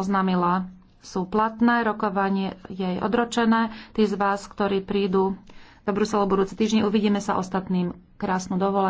oznámila, sú platné, rokovanie je odročené. Tí z vás, ktorí prídu do Bruselu budúci týždeň, uvidíme sa ostatným krásnu dovolenú.